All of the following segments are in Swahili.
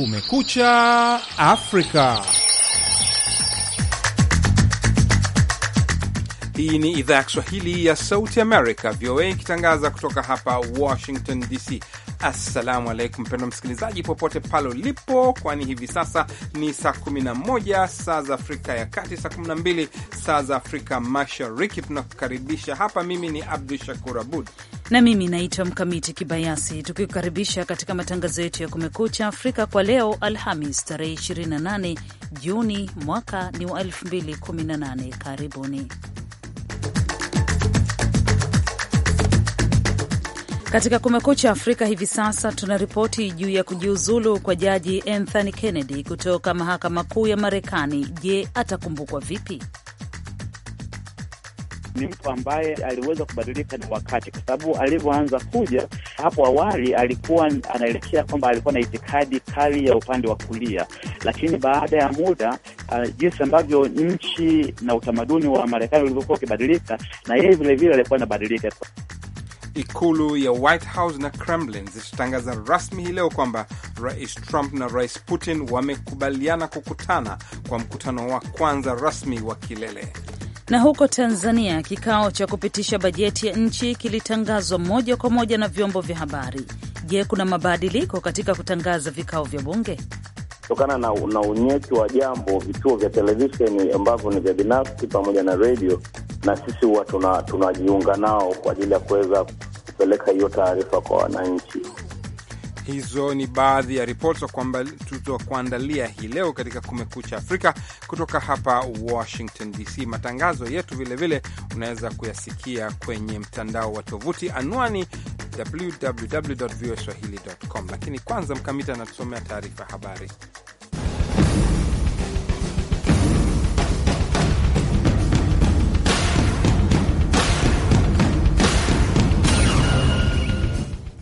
Kumekucha Afrika. Hii ni idhaa ya Kiswahili ya Sauti Amerika, VOA, ikitangaza kutoka hapa Washington DC. Assalamu alaikum mpendo msikilizaji, popote pale ulipo, kwani hivi sasa ni saa 11 saa za Afrika ya Kati, saa 12 saa za Afrika Mashariki. Tunakukaribisha hapa. Mimi ni Abdu Shakur Abud na mimi naitwa Mkamiti Kibayasi, tukikukaribisha katika matangazo yetu ya Kumekucha Afrika kwa leo Alhamis tarehe 28 Juni, mwaka ni wa 2018. Karibuni. Katika Kumekucha Afrika hivi sasa tuna ripoti juu ya kujiuzulu kwa jaji Anthony Kennedy kutoka mahakama kuu ya Marekani. Je, atakumbukwa vipi? Ni mtu ambaye aliweza kubadilika na wakati, kwa sababu alivyoanza kuja hapo awali alikuwa anaelekea kwamba alikuwa na itikadi kali ya upande wa kulia, lakini baada ya muda uh, jinsi ambavyo nchi na utamaduni wa Marekani ulivyokuwa ukibadilika, na yeye vilevile alikuwa anabadilika. Ikulu ya White House na Kremlin zitatangaza rasmi hii leo kwamba Rais Trump na Rais Putin wamekubaliana kukutana kwa mkutano wa kwanza rasmi wa kilele. Na huko Tanzania, kikao cha kupitisha bajeti ya nchi kilitangazwa moja kwa moja na vyombo vya habari. Je, kuna mabadiliko katika kutangaza vikao vya bunge? kutokana na, na unyeti wa jambo, vituo vya televisheni ambavyo ni vya binafsi pamoja na redio, na sisi huwa tunajiunga tuna nao kwa ajili ya kuweza kupeleka hiyo taarifa kwa wananchi. Hizo ni baadhi ya ripoti tutakuandalia hii leo katika Kumekucha Afrika kutoka hapa Washington DC. Matangazo yetu vilevile unaweza kuyasikia kwenye mtandao wa tovuti anwani www lakini kwanza Mkamiti anatusomea taarifa habari.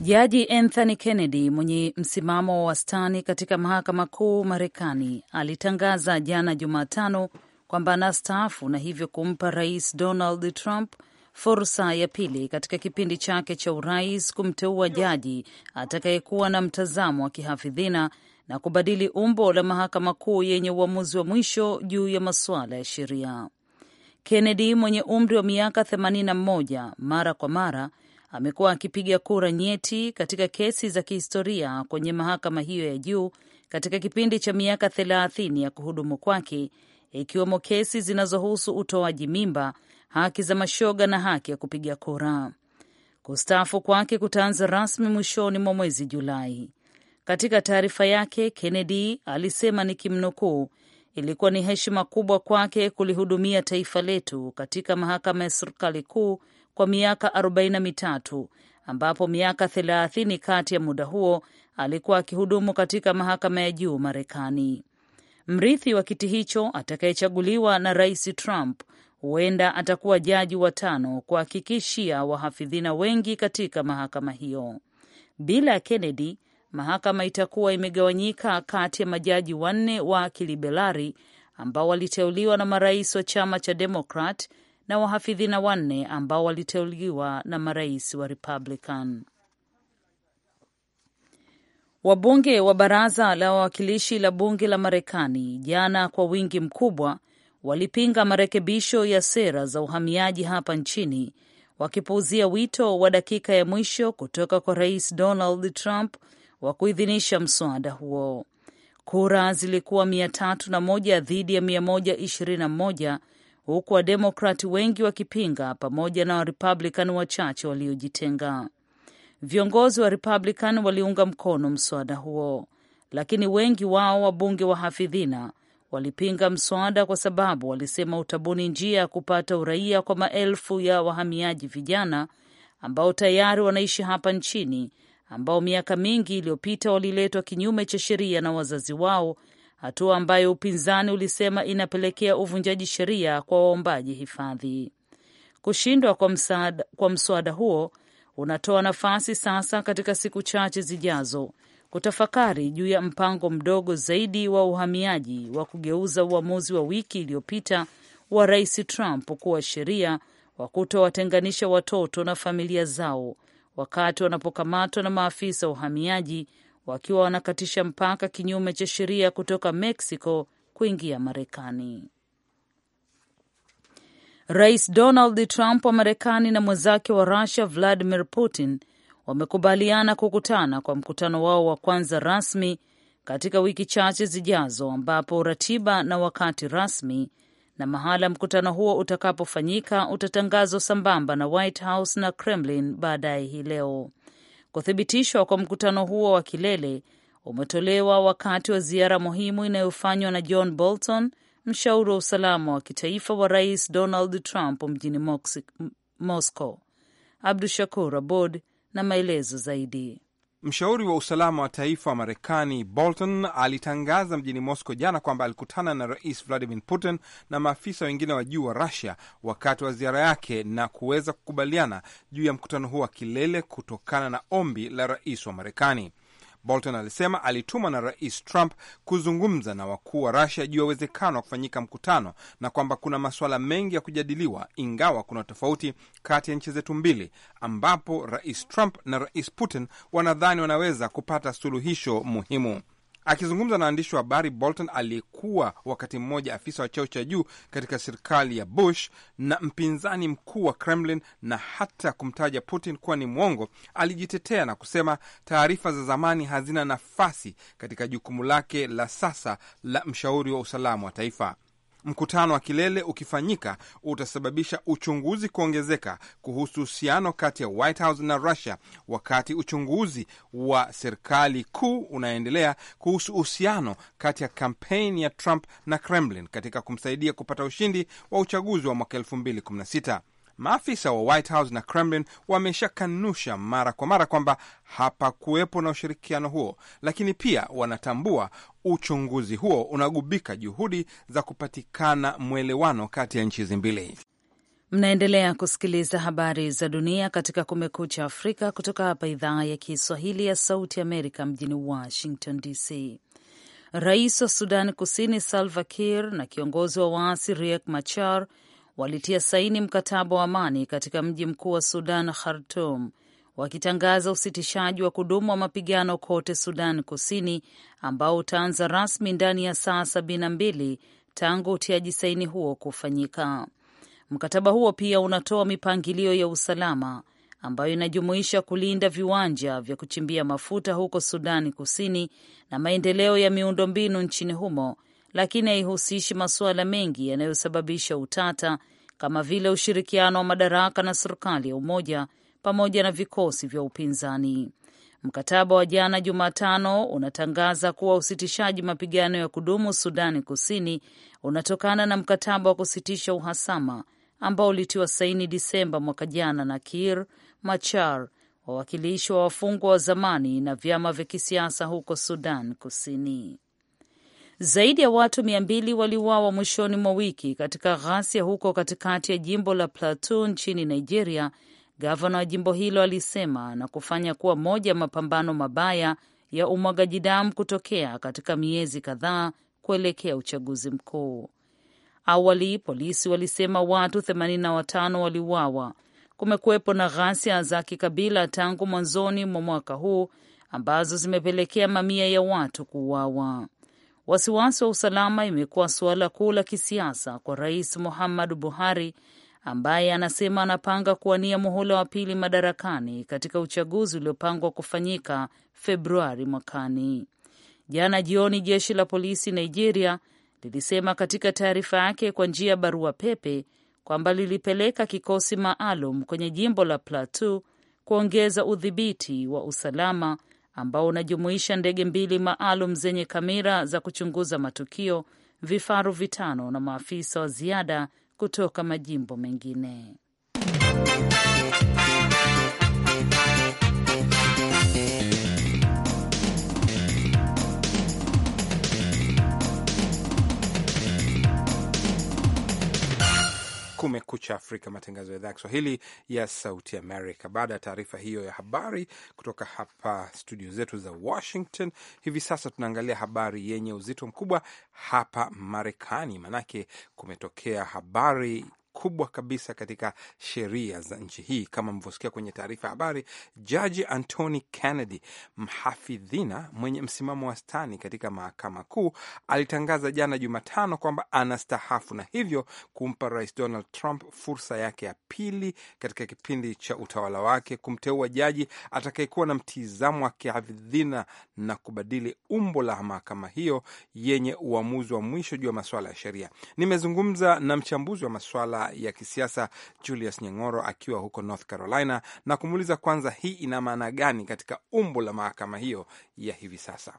Jaji Anthony Kennedy mwenye msimamo wa wastani katika mahakama kuu Marekani alitangaza jana Jumatano kwamba anastaafu na hivyo kumpa Rais Donald Trump fursa ya pili katika kipindi chake cha urais kumteua jaji atakayekuwa na mtazamo wa kihafidhina na kubadili umbo la mahakama kuu yenye uamuzi wa mwisho juu ya masuala ya sheria. Kennedy mwenye umri wa miaka 81 mara kwa mara amekuwa akipiga kura nyeti katika kesi za kihistoria kwenye mahakama hiyo ya juu katika kipindi cha miaka thelathini ya kuhudumu kwake, ikiwemo kesi zinazohusu utoaji mimba, haki za mashoga na haki ya kupiga kura. Kustaafu kwake kutaanza rasmi mwishoni mwa mwezi Julai. Katika taarifa yake, Kennedy alisema nikimnukuu, ilikuwa ni heshima kubwa kwake kulihudumia taifa letu katika mahakama ya serikali kuu kwa miaka 43 ambapo miaka 30 kati ya muda huo alikuwa akihudumu katika mahakama ya juu Marekani. Mrithi wa kiti hicho atakayechaguliwa na Rais Trump huenda atakuwa jaji watano kuhakikishia wahafidhina wengi katika mahakama hiyo. Bila ya Kennedy, mahakama itakuwa imegawanyika kati ya majaji wanne wa kiliberali ambao waliteuliwa na marais wa chama cha Demokrat na wahafidhina wanne ambao waliteuliwa na marais wa Republican. Wabunge wa baraza la wawakilishi la bunge la Marekani jana kwa wingi mkubwa walipinga marekebisho ya sera za uhamiaji hapa nchini, wakipuuzia wito wa dakika ya mwisho kutoka kwa Rais Donald Trump wa kuidhinisha mswada huo. Kura zilikuwa mia tatu na moja dhidi ya mia moja ishirini na moja huku Wademokrati wengi wakipinga pamoja na Warepublican wachache waliojitenga. Viongozi wa Republican waliunga mkono mswada huo, lakini wengi wao wabunge wa hafidhina walipinga mswada kwa sababu walisema utabuni njia ya kupata uraia kwa maelfu ya wahamiaji vijana ambao tayari wanaishi hapa nchini, ambao miaka mingi iliyopita waliletwa kinyume cha sheria na wazazi wao hatua ambayo upinzani ulisema inapelekea uvunjaji sheria kwa waombaji hifadhi. Kushindwa kwa msaada, kwa mswada huo unatoa nafasi sasa katika siku chache zijazo kutafakari juu ya mpango mdogo zaidi wa uhamiaji wa kugeuza uamuzi wa wiki iliyopita wa Rais Trump kuwa sheria wa kutowatenganisha watoto na familia zao wakati wanapokamatwa na maafisa wa uhamiaji wakiwa wanakatisha mpaka kinyume cha sheria kutoka Mexico kuingia Marekani. Rais Donald Trump wa Marekani na mwenzake wa Rusia Vladimir Putin wamekubaliana kukutana kwa mkutano wao wa kwanza rasmi katika wiki chache zijazo, ambapo ratiba na wakati rasmi na mahala mkutano huo utakapofanyika utatangazwa sambamba na White House na Kremlin baadaye hii leo. Kuthibitishwa kwa mkutano huo wa kilele umetolewa wakati wa ziara muhimu inayofanywa na John Bolton, mshauri wa usalama wa kitaifa wa Rais Donald Trump mjini Moscow. Abdu Shakur Abod na maelezo zaidi. Mshauri wa usalama wa taifa wa Marekani Bolton alitangaza mjini Moscow jana kwamba alikutana na Rais Vladimir Putin na maafisa wengine wa juu wa Russia wakati wa ziara yake na kuweza kukubaliana juu ya mkutano huo wa kilele kutokana na ombi la rais wa Marekani. Bolton alisema alitumwa na Rais Trump kuzungumza na wakuu wa Rasia juu ya uwezekano wa kufanyika mkutano na kwamba kuna masuala mengi ya kujadiliwa, ingawa kuna tofauti kati ya nchi zetu mbili, ambapo Rais Trump na Rais Putin wanadhani wanaweza kupata suluhisho muhimu. Akizungumza na waandishi wa habari, Bolton aliyekuwa wakati mmoja afisa wa cheo cha juu katika serikali ya Bush na mpinzani mkuu wa Kremlin na hata kumtaja Putin kuwa ni mwongo, alijitetea na kusema taarifa za zamani hazina nafasi katika jukumu lake la sasa la mshauri wa usalama wa taifa. Mkutano wa kilele ukifanyika utasababisha uchunguzi kuongezeka kuhusu uhusiano kati ya White House na Russia, wakati uchunguzi wa serikali kuu unaendelea kuhusu uhusiano kati ya kampeni ya Trump na Kremlin katika kumsaidia kupata ushindi wa uchaguzi wa mwaka 2016. Maafisa wa White House na Kremlin wameshakanusha mara kwa mara kwamba hapakuwepo na ushirikiano huo, lakini pia wanatambua uchunguzi huo unagubika juhudi za kupatikana mwelewano kati ya nchi hizi mbili. Mnaendelea kusikiliza habari za dunia katika Kumekucha Afrika kutoka hapa idhaa ya Kiswahili ya Sauti Amerika mjini Washington DC. Rais wa Sudan Kusini Salva Kiir na kiongozi wa waasi Riek Machar walitia saini mkataba wa amani katika mji mkuu wa Sudan, Khartum, wakitangaza usitishaji wa kudumu wa mapigano kote Sudan Kusini, ambao utaanza rasmi ndani ya saa sabini na mbili tangu utiaji saini huo kufanyika. Mkataba huo pia unatoa mipangilio ya usalama ambayo inajumuisha kulinda viwanja vya kuchimbia mafuta huko Sudani Kusini na maendeleo ya miundombinu nchini humo lakini haihusishi masuala mengi yanayosababisha utata kama vile ushirikiano wa madaraka na serikali ya umoja pamoja na vikosi vya upinzani. Mkataba wa jana Jumatano unatangaza kuwa usitishaji mapigano ya kudumu Sudani Kusini unatokana na mkataba wa kusitisha uhasama ambao ulitiwa saini Disemba mwaka jana na Kir Machar, wawakilishi wa wafungwa wa zamani na vyama vya kisiasa huko Sudan Kusini. Zaidi ya watu mia mbili waliuawa mwishoni mwa wiki katika ghasia huko katikati ya jimbo la Plateau nchini Nigeria, gavana wa jimbo hilo alisema, na kufanya kuwa moja ya mapambano mabaya ya umwagaji damu kutokea katika miezi kadhaa kuelekea uchaguzi mkuu. Awali polisi walisema watu 85 waliuawa. Kumekuwepo na ghasia za kikabila tangu mwanzoni mwa mwaka huu ambazo zimepelekea mamia ya watu kuuawa. Wasiwasi wa usalama imekuwa suala kuu la kisiasa kwa Rais Muhammadu Buhari ambaye anasema anapanga kuwania muhula wa pili madarakani katika uchaguzi uliopangwa kufanyika Februari mwakani. Jana jioni, jeshi la polisi Nigeria lilisema katika taarifa yake kwa njia ya barua pepe kwamba lilipeleka kikosi maalum kwenye jimbo la Plateau kuongeza udhibiti wa usalama ambao unajumuisha ndege mbili maalum zenye kamera za kuchunguza matukio, vifaru vitano na maafisa wa ziada kutoka majimbo mengine. Kumekucha Afrika, matangazo ya idhaa ya Kiswahili ya Sauti Amerika. Baada ya taarifa hiyo ya habari kutoka hapa studio zetu za Washington, hivi sasa tunaangalia habari yenye uzito mkubwa hapa Marekani, manake kumetokea habari kubwa kabisa katika sheria za nchi hii. Kama mlivyosikia kwenye taarifa ya habari, Jaji Anthony Kennedy, mhafidhina mwenye msimamo wastani katika mahakama kuu, alitangaza jana Jumatano kwamba anastahafu na hivyo kumpa Rais Donald Trump fursa yake ya pili katika kipindi cha utawala wake kumteua jaji atakayekuwa na mtizamo wa kihafidhina na kubadili umbo la mahakama hiyo yenye uamuzi wa mwisho juu ya masuala ya sheria. Nimezungumza na mchambuzi wa masuala masuala ya kisiasa Julius Nyang'oro akiwa huko North Carolina na kumuuliza kwanza, hii ina maana gani katika umbo la mahakama hiyo ya hivi sasa?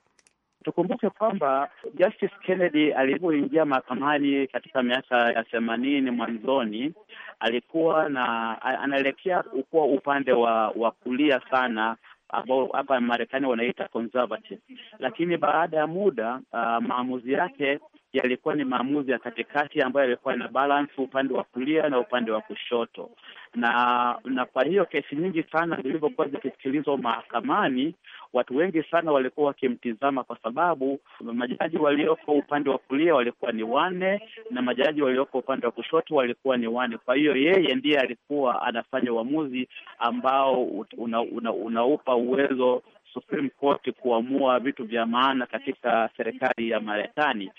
Tukumbuke kwamba Justice Kennedy alipoingia mahakamani katika miaka ya themanini mwanzoni, alikuwa na anaelekea kuwa upande wa wa kulia sana ambao hapa Marekani wanaita conservative, lakini baada ya muda uh, maamuzi yake yalikuwa ni maamuzi ya katikati ambayo yalikuwa na balance upande wa kulia na upande wa kushoto, na na kwa hiyo kesi nyingi sana zilivyokuwa zikisikilizwa mahakamani, watu wengi sana walikuwa wakimtizama, kwa sababu majaji walioko upande wa kulia walikuwa ni wanne na majaji walioko upande wa kushoto walikuwa ni wanne. Kwa hiyo yeye ndiye alikuwa anafanya uamuzi ambao una, una, unaupa uwezo Supreme Court kuamua vitu vya maana katika serikali ya Marekani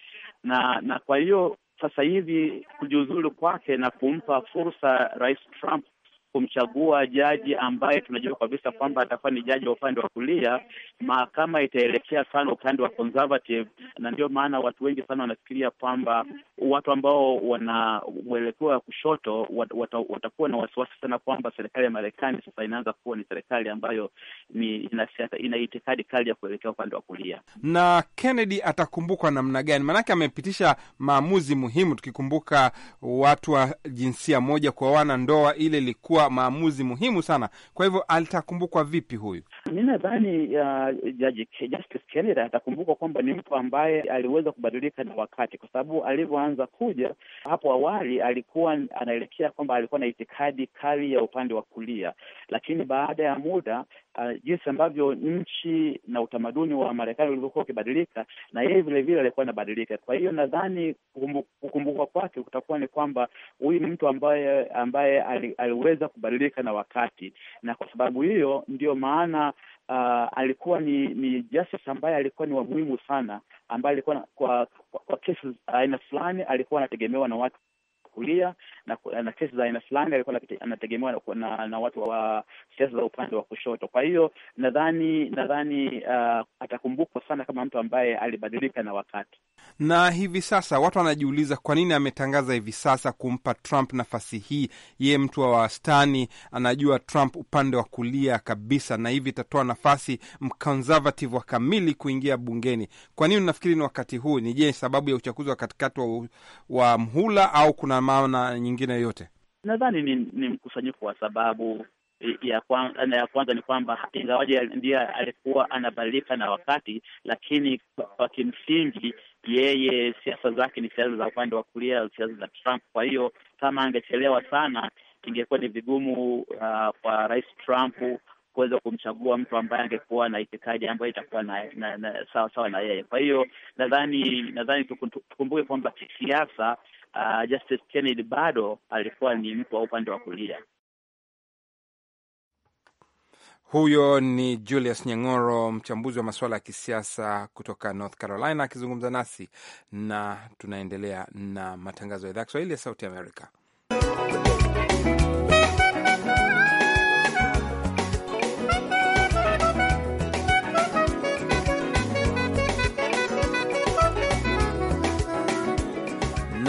na na kwa hiyo sasa hivi kujiuzulu kwake na kumpa fursa Rais Trump kumchagua jaji ambaye tunajua kabisa kwamba atakuwa ni jaji wa upande wa kulia, mahakama itaelekea sana upande wa conservative, na ndio maana watu wengi sana wanafikiria kwamba watu ambao wana mwelekeo wa kushoto wat, wat, watakuwa na wasiwasi sana kwamba serikali ya Marekani sasa inaanza kuwa ni serikali ambayo ni ina siasa, ina itikadi kali ya kuelekea upande wa kulia. Na Kennedy atakumbukwa namna gani? Maanake amepitisha maamuzi muhimu, tukikumbuka watu wa jinsia moja kwa wana ndoa, ile ilikuwa kuchukua maamuzi muhimu sana. Kwa hivyo alitakumbukwa vipi huyu? Mi nadhani uh, jaji Justice Kennedy atakumbukwa kwamba ni mtu ambaye aliweza kubadilika na wakati, kwa sababu alivyoanza kuja hapo awali alikuwa anaelekea kwamba alikuwa na itikadi kali ya upande wa kulia, lakini baada ya muda uh, jinsi ambavyo nchi na utamaduni wa Marekani ulivyokuwa ukibadilika, na yeye vilevile alikuwa anabadilika. Kwa hiyo nadhani kukumbukwa kwake kutakuwa ni kwamba huyu ni mtu ambaye ambaye ali, aliweza kubadilika na wakati, na kwa sababu hiyo ndiyo maana uh, alikuwa ni ni justice ambaye alikuwa ni wa muhimu sana, ambaye alikuwa kwa, kwa, kwa kesi aina fulani alikuwa anategemewa na watu kulia na, na kesi za aina fulani alikuwa anategemewa na, na, na watu wa siasa za upande wa kushoto. Kwa hiyo nadhani nadhani uh, atakumbukwa sana kama mtu ambaye alibadilika na wakati na hivi sasa watu wanajiuliza kwa nini ametangaza hivi sasa kumpa Trump nafasi hii. Yeye mtu wa wastani anajua Trump upande wa kulia kabisa, na hivi itatoa nafasi mkonservative wa kamili kuingia bungeni. Kwa nini unafikiri ni wakati huu? Ni je, sababu ya uchaguzi wa katikati wa, wa mhula au kuna maana nyingine yoyote? Nadhani ni, ni mkusanyiko wa sababu ya kwanza, na ya kwanza ni kwamba ingawaje ndiye alikuwa anabadilika na wakati, lakini kwa kimsingi yeye siasa zake ni siasa za upande wa kulia, siasa za Trump. Kwa hiyo kama angechelewa sana, ingekuwa ni vigumu uh, kwa Rais Trump kuweza kumchagua mtu ambaye angekuwa na itikadi ambayo itakuwa na, na, na sawa sawa na yeye. Kwa hiyo nadhani nadhani tukumbuke kwamba kisiasa, uh, Justice Kennedy bado alikuwa ni mtu wa upande wa kulia. Huyo ni Julius Nyang'oro, mchambuzi wa masuala ya kisiasa kutoka North Carolina, akizungumza nasi, na tunaendelea na matangazo ya idhaa Kiswahili ya Sauti Amerika.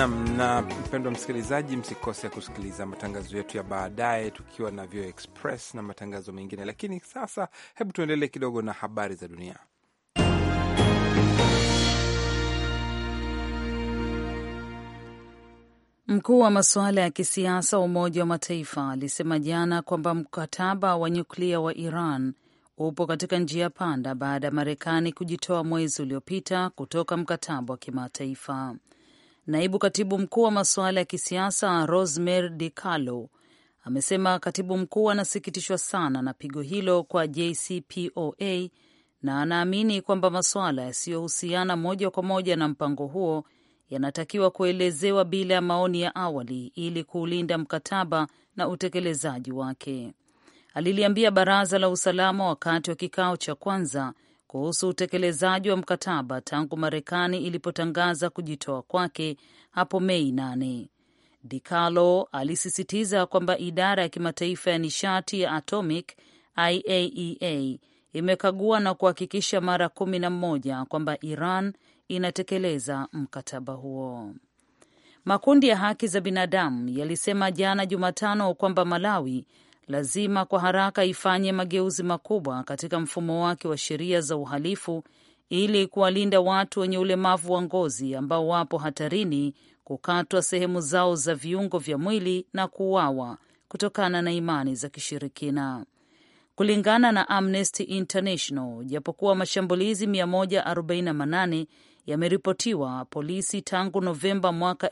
nam na mpendwa msikilizaji, msikose kusikiliza matangazo yetu ya baadaye, tukiwa na Vio Express na matangazo mengine. Lakini sasa, hebu tuendelee kidogo na habari za dunia. Mkuu wa masuala ya kisiasa wa Umoja wa Mataifa alisema jana kwamba mkataba wa nyuklia wa Iran upo katika njia panda baada ya Marekani kujitoa mwezi uliopita kutoka mkataba wa kimataifa. Naibu katibu mkuu wa masuala ya kisiasa Rosemary DiCarlo amesema katibu mkuu anasikitishwa sana na pigo hilo kwa JCPOA na anaamini kwamba masuala yasiyohusiana moja kwa moja na mpango huo yanatakiwa kuelezewa bila ya maoni ya awali ili kuulinda mkataba na utekelezaji wake. Aliliambia baraza la usalama wakati wa kikao cha kwanza kuhusu utekelezaji wa mkataba tangu Marekani ilipotangaza kujitoa kwake hapo Mei 8. Dicalo alisisitiza kwamba idara ya kimataifa ya nishati ya atomic IAEA e imekagua na kuhakikisha mara kumi na mmoja kwamba Iran inatekeleza mkataba huo. Makundi ya haki za binadamu yalisema jana Jumatano kwamba Malawi lazima kwa haraka ifanye mageuzi makubwa katika mfumo wake wa sheria za uhalifu ili kuwalinda watu wenye ulemavu wa ngozi ambao wapo hatarini kukatwa sehemu zao za viungo vya mwili na kuuawa kutokana na imani za kishirikina. Kulingana na Amnesty International, japokuwa mashambulizi 148 yameripotiwa polisi tangu Novemba mwaka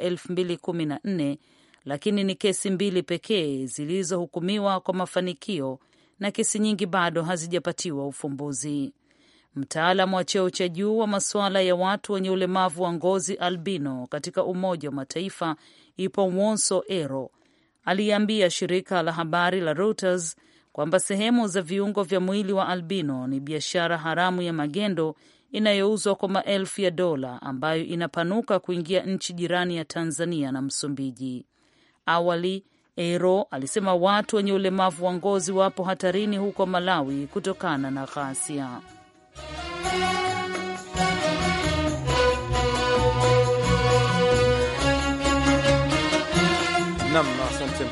lakini ni kesi mbili pekee zilizohukumiwa kwa mafanikio na kesi nyingi bado hazijapatiwa ufumbuzi. Mtaalamu wa cheo cha juu wa masuala ya watu wenye ulemavu wa ngozi albino katika Umoja wa Mataifa wonso Ero aliambia shirika la habari la Reuters kwamba sehemu za viungo vya mwili wa albino ni biashara haramu ya magendo inayouzwa kwa maelfu ya dola ambayo inapanuka kuingia nchi jirani ya Tanzania na Msumbiji. Awali ero alisema watu wenye ulemavu wa ngozi wapo hatarini huko Malawi kutokana na ghasia. Nam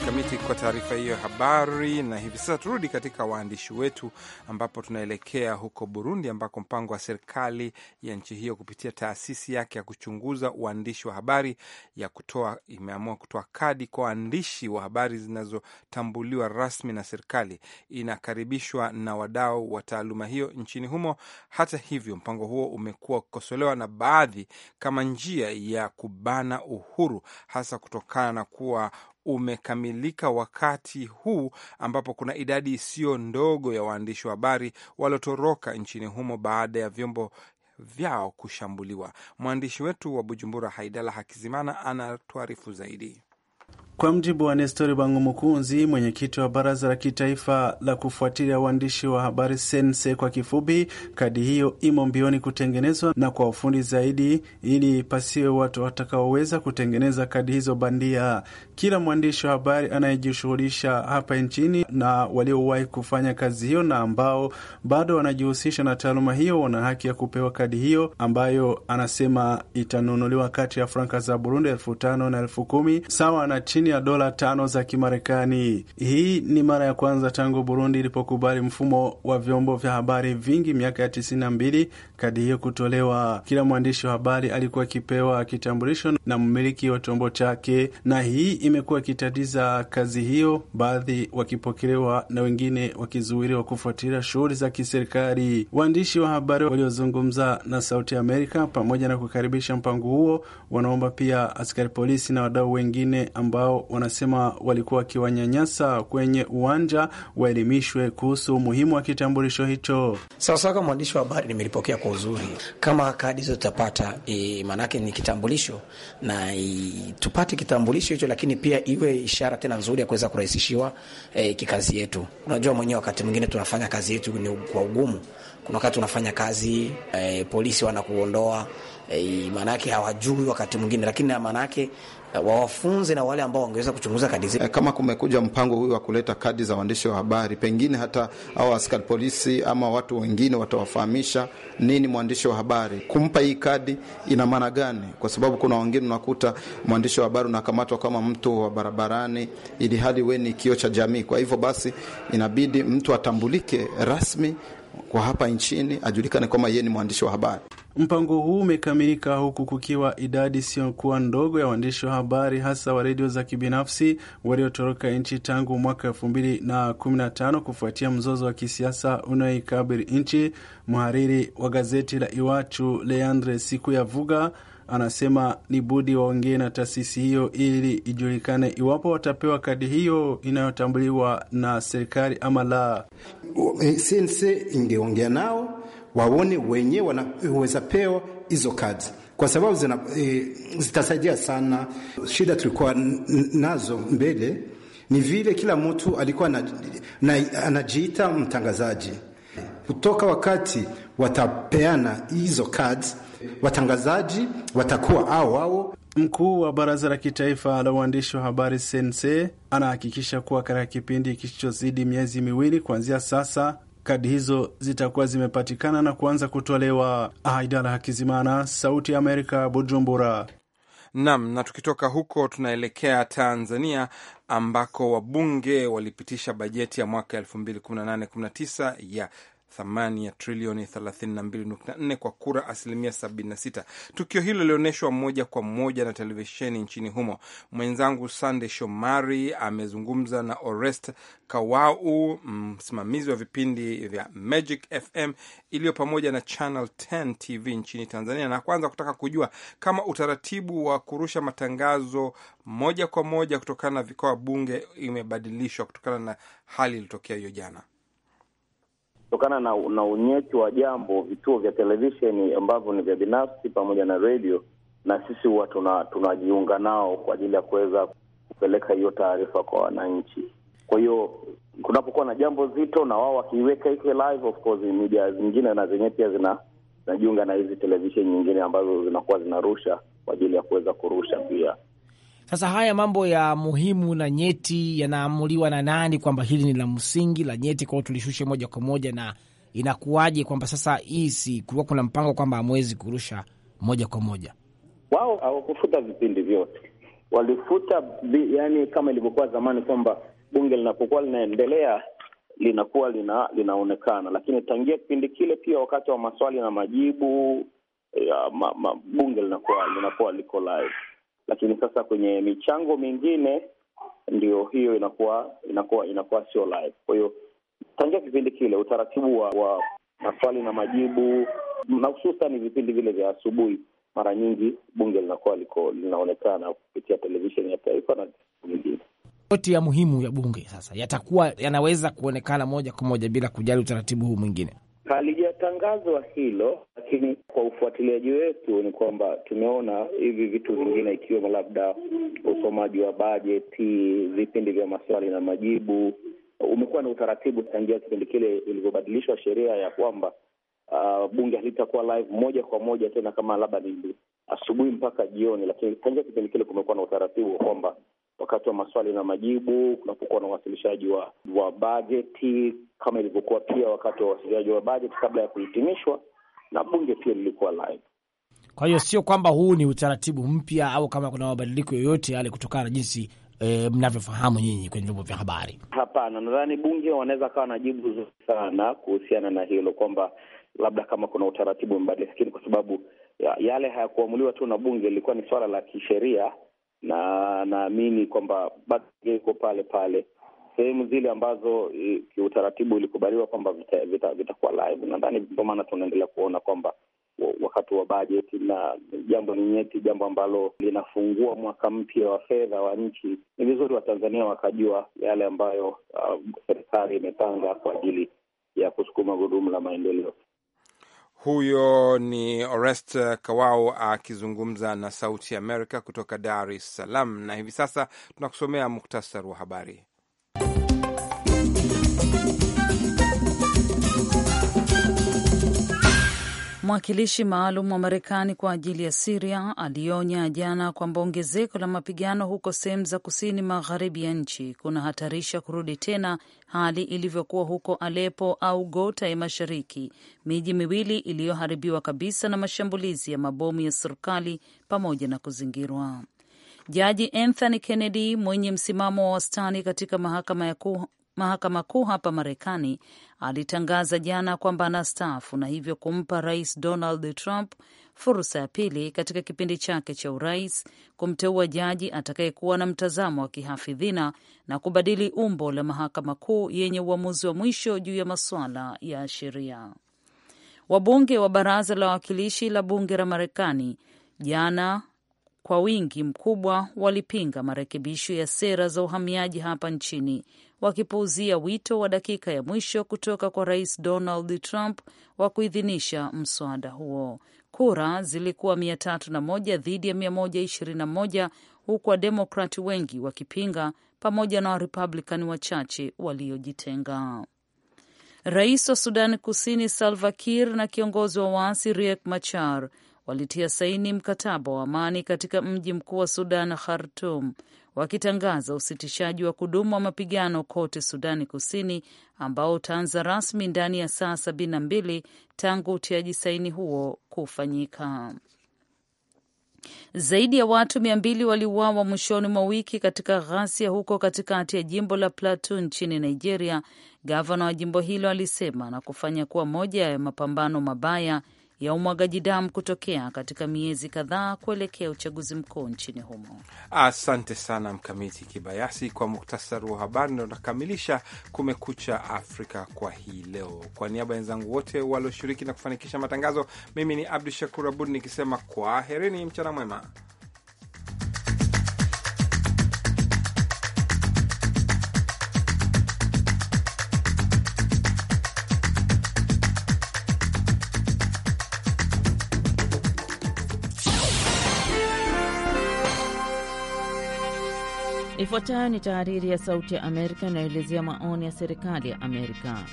Mkamiti kwa taarifa hiyo ya habari. Na hivi sasa turudi katika waandishi wetu, ambapo tunaelekea huko Burundi, ambako mpango wa serikali ya nchi hiyo kupitia taasisi yake ya kuchunguza uandishi wa habari ya kutoa imeamua kutoa kadi kwa waandishi wa habari zinazotambuliwa rasmi na serikali, inakaribishwa na wadau wa taaluma hiyo nchini humo. Hata hivyo, mpango huo umekuwa ukikosolewa na baadhi kama njia ya kubana uhuru, hasa kutokana na kuwa umekamilika wakati huu ambapo kuna idadi isiyo ndogo ya waandishi wa habari waliotoroka nchini humo baada ya vyombo vyao kushambuliwa. Mwandishi wetu wa Bujumbura, Haidala Hakizimana, anatuarifu zaidi. Kwa mjibu wa Nestori Bangu Mukunzi, mwenyekiti wa baraza la kitaifa la kufuatilia waandishi wa habari Sense kwa kifupi, kadi hiyo imo mbioni kutengenezwa na kwa ufundi zaidi, ili pasiwe watu watakaoweza kutengeneza kadi hizo bandia. Kila mwandishi wa habari anayejishughulisha hapa nchini na waliowahi kufanya kazi hiyo na ambao bado wanajihusisha na taaluma hiyo wana haki ya kupewa kadi hiyo ambayo anasema itanunuliwa kati ya franka za Burundi elfu tano na elfu kumi sawa na chini chini ya dola tano za Kimarekani. Hii ni mara ya kwanza tangu Burundi ilipokubali mfumo wa vyombo vya habari vingi miaka ya tisini na mbili kadi hiyo kutolewa. Kila mwandishi wa habari alikuwa akipewa kitambulisho na mmiliki wa chombo chake, na hii imekuwa ikitatiza kazi hiyo, baadhi wakipokelewa na wengine wakizuiliwa kufuatilia shughuli za kiserikali. Waandishi wa habari waliozungumza na Sauti ya Amerika pamoja na kukaribisha mpango huo wanaomba pia askari polisi na wadau wengine ambao wanasema walikuwa wakiwanyanyasa kwenye uwanja waelimishwe kuhusu umuhimu wa kitambulisho hicho. Sawasawa, kama mwandishi wa habari nimelipokea kwa uzuri, kama kadi hizo tutapata e, maanake ni kitambulisho na e, tupate kitambulisho hicho, lakini pia iwe ishara tena nzuri ya kuweza kurahisishiwa e, kikazi yetu. Unajua mwenyewe wakati mwingine tunafanya kazi yetu ni kwa ugumu. Kuna wakati unafanya kazi e, polisi wanakuondoa e, eh, yake hawajui wakati mwingine, lakini maanake eh, wawafunze na wale ambao wangeweza kuchunguza kadi zile. Eh, kama kumekuja mpango huyu wa kuleta kadi za waandishi wa habari, pengine hata au askari polisi ama watu wengine watawafahamisha nini mwandishi wa habari. Kumpa hii kadi ina maana gani? Kwa sababu kuna wengine unakuta mwandishi wa habari unakamatwa kama mtu wa barabarani, ili hali we ni kio cha jamii. Kwa hivyo basi, inabidi mtu atambulike rasmi kwa hapa nchini, ajulikane kwamba yeye ni mwandishi wa habari. Mpango huu umekamilika huku kukiwa idadi isiyokuwa ndogo ya waandishi wa habari hasa wa redio za kibinafsi waliotoroka nchi tangu mwaka tano kufuatia mzozo wa kisiasa unaoikabili nchi. Mhariri wa gazeti la Iwachu Leandre siku ya vuga anasema ni budi waongee na taasisi hiyo ili ijulikane iwapo watapewa kadi hiyo inayotambuliwa na serikali ama la. CNC eh, ingeongea nao waone wenye wanaweza pewa hizo kadi kwa sababu zina, e, zitasaidia sana. Shida tulikuwa nazo mbele ni vile kila mtu alikuwa na, na, anajiita mtangazaji. Kutoka wakati watapeana hizo kadi watangazaji watakuwa au wao. Mkuu wa Baraza la Kitaifa la Uandishi wa Habari Sense anahakikisha kuwa katika kipindi kisichozidi miezi miwili kuanzia sasa kadi hizo zitakuwa zimepatikana na kuanza kutolewa. Haidara Hakizimana, Sauti ya Amerika, Bujumbura. Nam, na tukitoka huko tunaelekea Tanzania ambako wabunge walipitisha bajeti ya mwaka 2018/19 ya thamani ya trilioni 32.4 kwa kura asilimia 76. Tukio hilo lilionyeshwa moja kwa moja na televisheni nchini humo. Mwenzangu Sande Shomari amezungumza na Orest Kawau, msimamizi wa vipindi vya Magic FM iliyo pamoja na Channel 10 TV nchini Tanzania, na kwanza kutaka kujua kama utaratibu wa kurusha matangazo moja kwa moja kutokana na vikao bunge imebadilishwa kutokana na hali iliyotokea hiyo jana kutokana na, na unyeti wa jambo, vituo vya televisheni ambavyo ni vya binafsi pamoja na redio, na sisi huwa tunajiunga tuna nao kwa ajili ya kuweza kupeleka hiyo taarifa kwa wananchi. Kwa hiyo kunapokuwa na jambo zito, na wao wakiiweka hiki live, of course media zingine na zenyewe pia zinajiunga na hizi televisheni nyingine ambazo zinakuwa zinarusha kwa ajili ya kuweza kurusha pia sasa haya mambo ya muhimu na nyeti yanaamuliwa na nani, kwamba hili ni la msingi la nyeti, kwao tulishushe moja kwa moja? Na inakuwaje kwamba sasa hii si kulikuwa kuna mpango kwamba hamwezi kurusha moja kwa moja? Wao hawakufuta vipindi vyote, walifuta vi, yani kama ilivyokuwa zamani kwamba bunge linapokuwa linaendelea linakuwa lina, linaonekana, lakini tangia kipindi kile pia wakati wa maswali na majibu eh, ya, ma, ma, bunge linakuwa linakuwa liko live lakini sasa kwenye michango mingine ndio hiyo inakuwa inakuwa inakuwa sio live. Kwa hiyo tangia kipindi kile utaratibu wa, wa maswali na majibu na hususan vipindi vile vya asubuhi, mara nyingi bunge linakuwa liko linaonekana kupitia televisheni ya taifa na nyingine yote ya muhimu ya bunge, sasa yatakuwa yanaweza kuonekana moja kwa moja bila kujali utaratibu huu mwingine. Halijatangazwa hilo, lakini kwa ufuatiliaji wetu ni kwamba tumeona hivi vitu vingine, ikiwemo labda usomaji wa bajeti, vipindi vya maswali na majibu, umekuwa na utaratibu tangia kipindi kile ilivyobadilishwa sheria ya kwamba uh, bunge halitakuwa live moja kwa moja tena kama labda ni asubuhi mpaka jioni, lakini tangia kipindi kile kumekuwa na utaratibu wa kwamba wakati wa maswali na majibu, kunapokuwa na uwasilishaji wa, wa bajeti kama ilivyokuwa pia wakati wa uwasilishaji wa bajeti kabla ya kuhitimishwa, na bunge pia lilikuwa live. Kwa hiyo sio kwamba huu ni utaratibu mpya au kama kuna mabadiliko yoyote yale kutokana na jinsi E, mnavyofahamu nyinyi kwenye vyombo vya habari? Hapana, nadhani bunge wanaweza kawa na jibu zuri sana kuhusiana na hilo kwamba labda kama kuna utaratibu umebadilika, lakini kwa sababu ya, yale hayakuamuliwa tu na bunge, lilikuwa ni swala la kisheria na naamini kwamba bado iko pale pale sehemu zile ambazo e, kiutaratibu ilikubaliwa kwamba vitakuwa vita, vita live. Nadhani ndio maana tunaendelea kuona kwamba wakati wa bajeti na jambo ni nyeti, jambo ambalo linafungua mwaka mpya wa fedha wa nchi. Ni vizuri Watanzania wakajua yale ambayo uh, serikali imepanga kwa ajili ya kusukuma gurudumu la maendeleo. Huyo ni Orest Kawau akizungumza na Sauti Amerika kutoka Dar es Salaam. Na hivi sasa tunakusomea muktasar wa habari. Mwakilishi maalum wa Marekani kwa ajili ya Siria alionya jana kwamba ongezeko la mapigano huko sehemu za kusini magharibi ya nchi kunahatarisha kurudi tena hali ilivyokuwa huko Alepo au Gota ya Mashariki, miji miwili iliyoharibiwa kabisa na mashambulizi ya mabomu ya serikali pamoja na kuzingirwa. Jaji Anthony Kennedy mwenye msimamo wa wastani katika mahakama ya kuu mahakama kuu hapa Marekani alitangaza jana kwamba anastaafu na hivyo kumpa Rais Donald Trump fursa ya pili katika kipindi chake cha urais kumteua jaji atakayekuwa na mtazamo wa kihafidhina na kubadili umbo la mahakama kuu yenye uamuzi wa mwisho juu ya masuala ya sheria. Wabunge wa baraza la wawakilishi la bunge la Marekani jana kwa wingi mkubwa walipinga marekebisho ya sera za uhamiaji hapa nchini wakipuuzia wito wa dakika ya mwisho kutoka kwa Rais Donald Trump wa kuidhinisha mswada huo. Kura zilikuwa 301 dhidi ya 121 huku Wademokrati wengi wakipinga pamoja na Warepublikani wachache waliojitenga. Rais wa Sudani Kusini Salva Kiir na kiongozi wa waasi Riek Machar walitia saini mkataba wa amani katika mji mkuu wa Sudan, Khartum, wakitangaza usitishaji wa kudumu wa mapigano kote Sudani Kusini, ambao utaanza rasmi ndani ya saa sabini na mbili tangu utiaji saini huo kufanyika. Zaidi ya watu mia mbili waliuawa mwishoni mwa wiki katika ghasia huko katikati ya jimbo la Plateau nchini Nigeria, gavana wa jimbo hilo alisema, na kufanya kuwa moja ya mapambano mabaya ya umwagaji damu kutokea katika miezi kadhaa kuelekea uchaguzi mkuu nchini humo. Asante sana Mkamiti Kibayasi kwa muktasari wa habari, na Kumekucha Afrika kwa hii leo. Kwa niaba ya wenzangu wote walioshiriki na kufanikisha matangazo, mimi ni Abdu Shakur Abud nikisema kwa herini mchana mwema. Ifuatayo ni tahariri ya Sauti ya Amerika inayoelezea maoni ya serikali ya Amerika.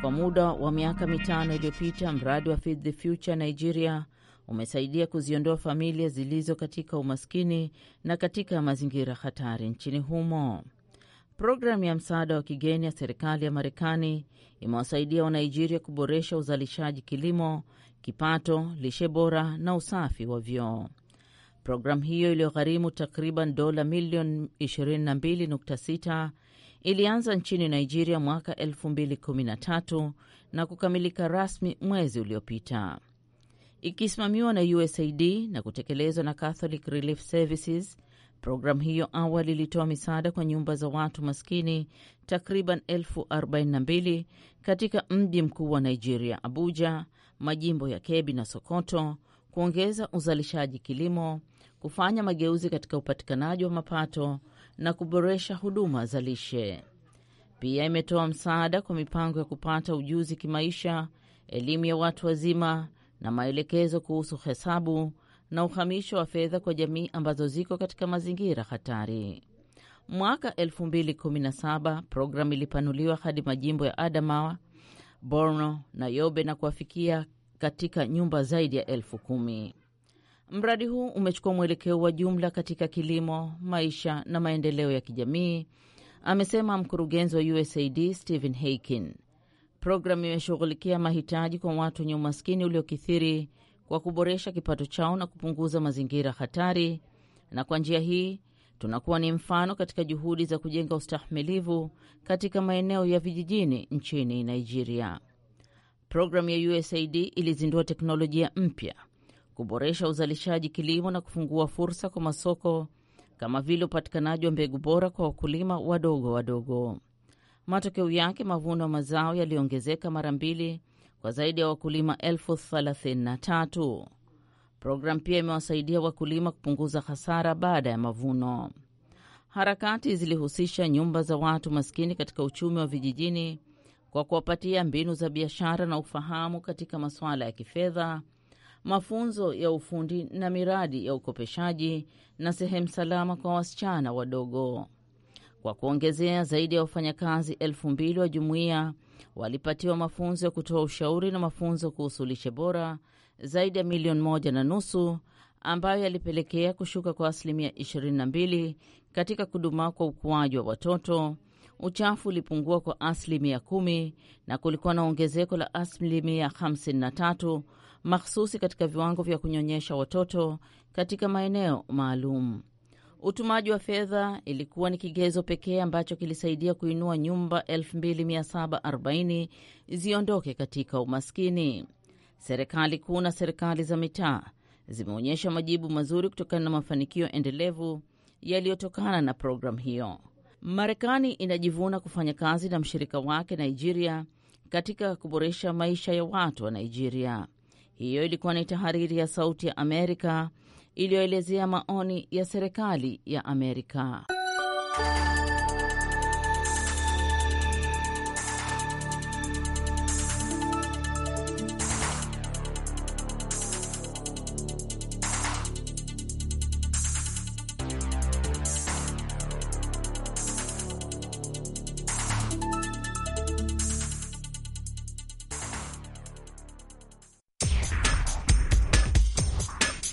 Kwa muda wa miaka mitano iliyopita, mradi wa Feed the Future Nigeria umesaidia kuziondoa familia zilizo katika umaskini na katika mazingira hatari nchini humo. Programu ya msaada wa kigeni ya serikali ya Marekani imewasaidia Wanigeria kuboresha uzalishaji kilimo, kipato, lishe bora na usafi wa vyoo. Programu hiyo iliyogharimu takriban dola milioni 22.6 ilianza nchini Nigeria mwaka 2013 na kukamilika rasmi mwezi uliopita, ikisimamiwa na USAID na kutekelezwa na Catholic Relief Services. Programu hiyo awali ilitoa misaada kwa nyumba za watu maskini takriban elfu katika mji mkuu wa Nigeria, Abuja, majimbo ya Kebbi na Sokoto, kuongeza uzalishaji kilimo kufanya mageuzi katika upatikanaji wa mapato na kuboresha huduma za lishe. Pia imetoa msaada kwa mipango ya kupata ujuzi kimaisha, elimu ya watu wazima na maelekezo kuhusu hesabu na uhamisho wa fedha kwa jamii ambazo ziko katika mazingira hatari. Mwaka 2017 programu ilipanuliwa hadi majimbo ya Adamawa, Borno na Yobe na kuwafikia katika nyumba zaidi ya elfu kumi. Mradi huu umechukua mwelekeo wa jumla katika kilimo, maisha na maendeleo ya kijamii, amesema mkurugenzi wa USAID Stephen Haikin. Programu imeshughulikia mahitaji kwa watu wenye umaskini uliokithiri kwa kuboresha kipato chao na kupunguza mazingira hatari, na kwa njia hii tunakuwa ni mfano katika juhudi za kujenga ustahimilivu katika maeneo ya vijijini nchini Nigeria. Programu ya USAID ilizindua teknolojia mpya kuboresha uzalishaji kilimo na kufungua fursa kwa masoko kama vile upatikanaji wa mbegu bora kwa wakulima wadogo wadogo. Matokeo yake mavuno ya mazao yaliongezeka mara mbili kwa zaidi ya wakulima elfu thelathini na tatu. Programu pia imewasaidia wakulima kupunguza hasara baada ya mavuno. Harakati zilihusisha nyumba za watu maskini katika uchumi wa vijijini kwa kuwapatia mbinu za biashara na ufahamu katika masuala ya kifedha mafunzo ya ufundi na miradi ya ukopeshaji na sehemu salama kwa wasichana wadogo. Kwa kuongezea, zaidi ya wafanyakazi elfu mbili wa jumuiya walipatiwa mafunzo ya kutoa ushauri na mafunzo kuhusu lishe bora, zaidi ya milioni moja na nusu ambayo yalipelekea kushuka kwa asilimia 22 katika kudumaa kwa ukuaji wa watoto. Uchafu ulipungua kwa asilimia kumi na kulikuwa na ongezeko la asilimia 53 mahsusi katika viwango vya kunyonyesha watoto katika maeneo maalum. Utumaji wa fedha ilikuwa ni kigezo pekee ambacho kilisaidia kuinua nyumba 2740 ziondoke katika umaskini. Serikali kuu na serikali za mitaa zimeonyesha majibu mazuri kutokana na mafanikio endelevu yaliyotokana na programu hiyo. Marekani inajivuna kufanya kazi na mshirika wake Nigeria katika kuboresha maisha ya watu wa Nigeria. Hiyo ilikuwa ni tahariri ya Sauti ya Amerika iliyoelezea maoni ya serikali ya Amerika.